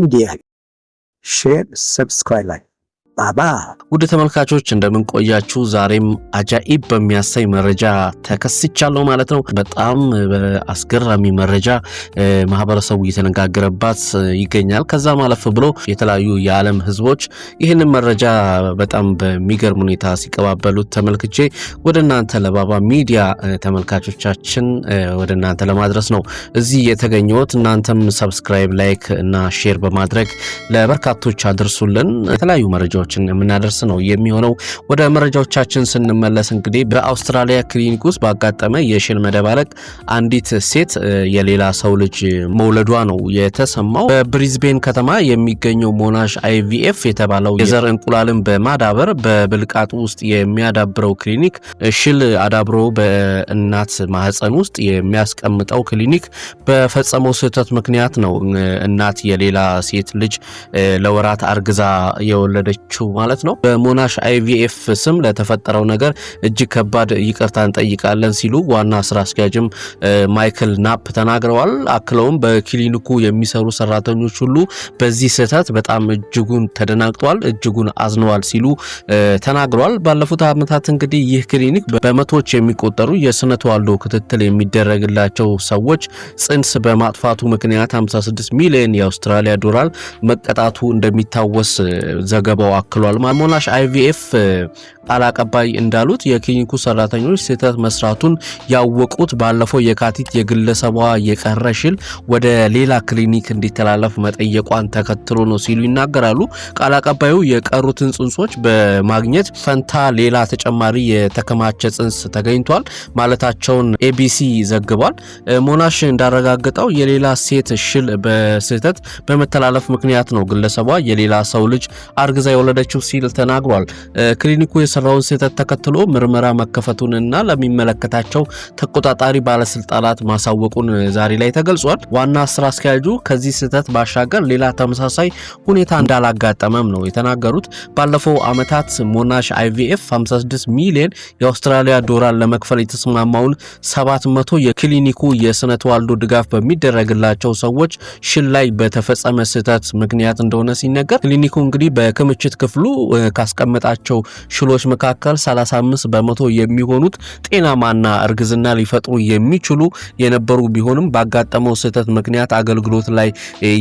মিডিয়ায় share subscribe like ባባ ውድ ተመልካቾች እንደምንቆያችሁ ዛሬም አጃኢብ በሚያሳይ መረጃ ተከስቻለሁ ማለት ነው። በጣም በአስገራሚ መረጃ ማህበረሰቡ እየተነጋገረባት ይገኛል። ከዛ ማለፍ ብሎ የተለያዩ የዓለም ህዝቦች ይህንን መረጃ በጣም በሚገርም ሁኔታ ሲቀባበሉት ተመልክቼ ወደ እናንተ ለባባ ሚዲያ ተመልካቾቻችን ወደ እናንተ ለማድረስ ነው እዚህ የተገኘሁት። እናንተም ሰብስክራይብ፣ ላይክ እና ሼር በማድረግ ለበርካቶች አድርሱልን የተለያዩ መረጃዎች መረጃዎችን የምናደርስ ነው የሚሆነው። ወደ መረጃዎቻችን ስንመለስ እንግዲህ በአውስትራሊያ ክሊኒክ ውስጥ ባጋጠመ የሽል መደባለቅ አንዲት ሴት የሌላ ሰው ልጅ መውለዷ ነው የተሰማው። በብሪዝቤን ከተማ የሚገኘው ሞናሽ አይቪኤፍ የተባለው የዘር እንቁላልን በማዳበር በብልቃጡ ውስጥ የሚያዳብረው ክሊኒክ ሽል አዳብሮ በእናት ማህፀን ውስጥ የሚያስቀምጠው ክሊኒክ በፈጸመው ስህተት ምክንያት ነው እናት የሌላ ሴት ልጅ ለወራት አርግዛ የወለደች ያላችሁ ማለት ነው። በሞናሽ አይቪኤፍ ስም ለተፈጠረው ነገር እጅግ ከባድ ይቅርታ እንጠይቃለን ሲሉ ዋና ስራ አስኪያጅም ማይክል ናፕ ተናግረዋል። አክለውም በክሊኒኩ የሚሰሩ ሰራተኞች ሁሉ በዚህ ስህተት በጣም እጅጉን ተደናግጧል፣ እጅጉን አዝነዋል ሲሉ ተናግረዋል። ባለፉት ዓመታት እንግዲህ ይህ ክሊኒክ በመቶዎች የሚቆጠሩ የስነ ተዋልዶ ክትትል የሚደረግላቸው ሰዎች ጽንስ በማጥፋቱ ምክንያት 56 ሚሊዮን የአውስትራሊያ ዶላር መቀጣቱ እንደሚታወስ ዘገባው አክሏል። ሞናሽ አይቪኤፍ ቃል አቀባይ እንዳሉት የክሊኒኩ ሰራተኞች ስህተት መስራቱን ያወቁት ባለፈው የካቲት የግለሰቧ የቀረ ሽል ወደ ሌላ ክሊኒክ እንዲተላለፍ መጠየቋን ተከትሎ ነው ሲሉ ይናገራሉ። ቃል አቀባዩ የቀሩትን ጽንሶች በማግኘት ፈንታ ሌላ ተጨማሪ የተከማቸ ጽንስ ተገኝቷል ማለታቸውን ኤቢሲ ዘግቧል። ሞናሽ እንዳረጋግጠው የሌላ ሴት ሽል በስህተት በመተላለፍ ምክንያት ነው ግለሰቧ የሌላ ሰው ልጅ አርግዛ ወለደችው ሲል ተናግሯል። ክሊኒኩ የሰራውን ስህተት ተከትሎ ምርመራ መከፈቱንና ለሚመለከታቸው ተቆጣጣሪ ባለስልጣናት ማሳወቁን ዛሬ ላይ ተገልጿል። ዋና ስራ አስኪያጁ ከዚህ ስህተት ባሻገር ሌላ ተመሳሳይ ሁኔታ እንዳላጋጠመም ነው የተናገሩት። ባለፈው ዓመታት ሞናሽ አይቪኤፍ 56 ሚሊዮን የአውስትራሊያ ዶላር ለመክፈል የተስማማውን 700 የክሊኒኩ የስነ ተዋልዶ ድጋፍ በሚደረግላቸው ሰዎች ሽል ላይ በተፈጸመ ስህተት ምክንያት እንደሆነ ሲነገር ክሊኒኩ እንግዲህ በክምችት ክፍሉ ካስቀመጣቸው ሽሎች መካከል 35 በመቶ የሚሆኑት ጤናማና እርግዝና ሊፈጥሩ የሚችሉ የነበሩ ቢሆንም ባጋጠመው ስህተት ምክንያት አገልግሎት ላይ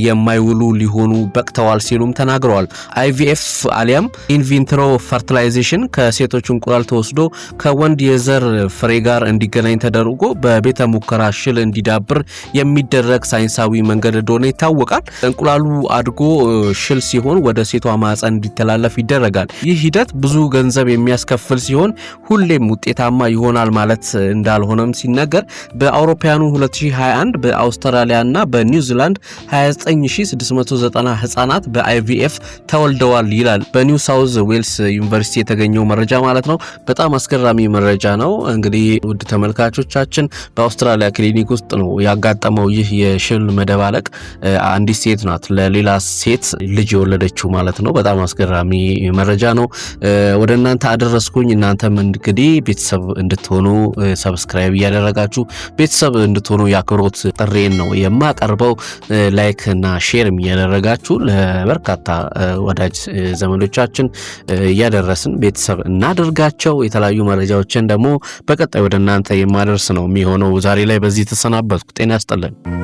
የማይውሉ ሊሆኑ በቅተዋል ሲሉም ተናግረዋል። አይቪኤፍ አሊያም ኢንቪንትሮ ፈርቲላይዜሽን ከሴቶች እንቁላል ተወስዶ ከወንድ የዘር ፍሬ ጋር እንዲገናኝ ተደርጎ በቤተ ሙከራ ሽል እንዲዳብር የሚደረግ ሳይንሳዊ መንገድ እንደሆነ ይታወቃል። እንቁላሉ አድጎ ሽል ሲሆን ወደ ሴቷ ማህፀን እንዲተላ እንዲተላለፍ ይደረጋል። ይህ ሂደት ብዙ ገንዘብ የሚያስከፍል ሲሆን ሁሌም ውጤታማ ይሆናል ማለት እንዳልሆነም ሲነገር በአውሮፓውያኑ 2021 በአውስትራሊያና በኒውዚላንድ 29690 ህጻናት በአይቪኤፍ ተወልደዋል ይላል በኒው ሳውዝ ዌልስ ዩኒቨርሲቲ የተገኘው መረጃ ማለት ነው። በጣም አስገራሚ መረጃ ነው። እንግዲህ ውድ ተመልካቾቻችን በአውስትራሊያ ክሊኒክ ውስጥ ነው ያጋጠመው ይህ የሽል መደባለቅ። አንዲት ሴት ናት ለሌላ ሴት ልጅ የወለደችው ማለት ነው። በጣም አስገራሚ ጠቃሚ መረጃ ነው ወደ እናንተ አደረስኩኝ። እናንተም እንግዲህ ቤተሰብ እንድትሆኑ ሰብስክራይብ እያደረጋችሁ ቤተሰብ እንድትሆኑ የአክብሮት ጥሬን ነው የማቀርበው። ላይክ እና ሼርም እያደረጋችሁ ለበርካታ ወዳጅ ዘመዶቻችን እያደረስን ቤተሰብ እናደርጋቸው። የተለያዩ መረጃዎችን ደግሞ በቀጣይ ወደ እናንተ የማደርስ ነው የሚሆነው። ዛሬ ላይ በዚህ ተሰናበትኩ። ጤና ያስጠለን።